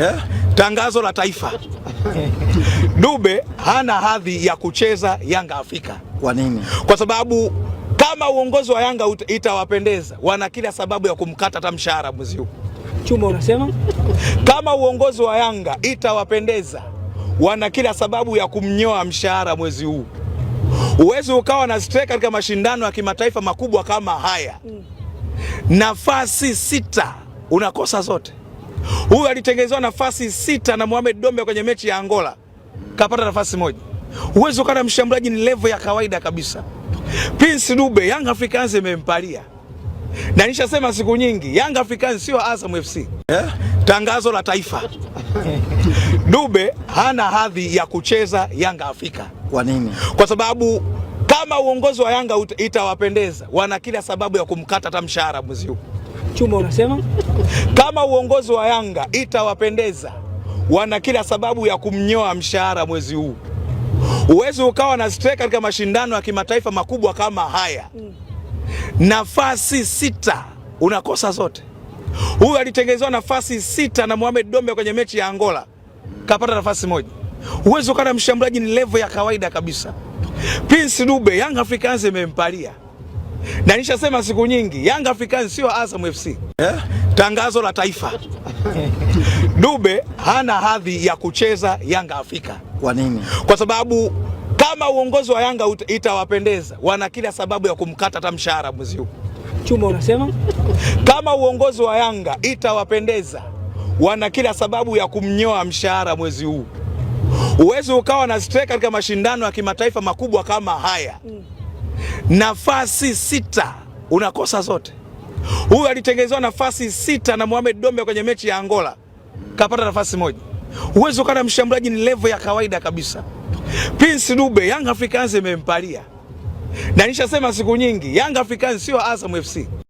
Yeah. Tangazo la taifa. Dube hana hadhi ya kucheza Yanga Afrika. Kwa nini? Kwa sababu kama uongozi wa Yanga itawapendeza, wana kila sababu ya kumkata hata mshahara mwezi huu. Chumba unasema? Kama uongozi wa Yanga itawapendeza, wana kila sababu ya kumnyoa mshahara mwezi huu. Uwezi ukawa na strike katika mashindano ya kimataifa makubwa kama haya. Mm. Nafasi sita unakosa zote. Huyu alitengenezewa nafasi sita na Mohamed dombe kwenye mechi ya Angola, kapata nafasi moja. Huwezi ukawa na mshambuliaji ni level ya kawaida kabisa. Prince Dube, Young Africans imempalia na nishasema siku nyingi, Young Africans sio Azam FC yeah. Tangazo la taifa Dube hana hadhi ya kucheza Yanga Afrika. Kwa nini? Kwa sababu kama uongozi wa Yanga itawapendeza, wana kila sababu ya kumkata hata mshahara mwezi huu. Chuma unasema kama uongozi wa Yanga itawapendeza, wana kila sababu ya kumnyoa mshahara mwezi huu. Uwezi ukawa na strike katika mashindano ya kimataifa makubwa kama haya nafasi sita unakosa zote. Huyu alitengenezewa nafasi sita na Mohamed dombe kwenye mechi ya Angola, kapata nafasi moja. Uwezi ukawa na mshambuliaji ni level ya kawaida kabisa. Prince Dube Young Africans imempalia na nishasema siku nyingi, Yanga Africans sio Azam FC yeah. Tangazo la taifa Dube hana hadhi ya kucheza Yanga Afrika. Kwa nini? Kwa sababu kama uongozi wa Yanga itawapendeza, wana kila sababu ya kumkata hata mshahara mwezi huu. Chuma unasema kama uongozi wa Yanga itawapendeza, wana kila sababu ya kumnyoa mshahara mwezi huu. Uwezi ukawa na striker katika mashindano ya kimataifa makubwa kama haya mm nafasi sita unakosa zote. Huyu alitengenezewa nafasi sita na Mohamed dombe kwenye mechi ya Angola, kapata nafasi moja. Uwezo kana mshambuliaji ni level ya kawaida kabisa. Prince Dube young Africans imempalia, na nishasema siku nyingi, young Africans sio Azam FC.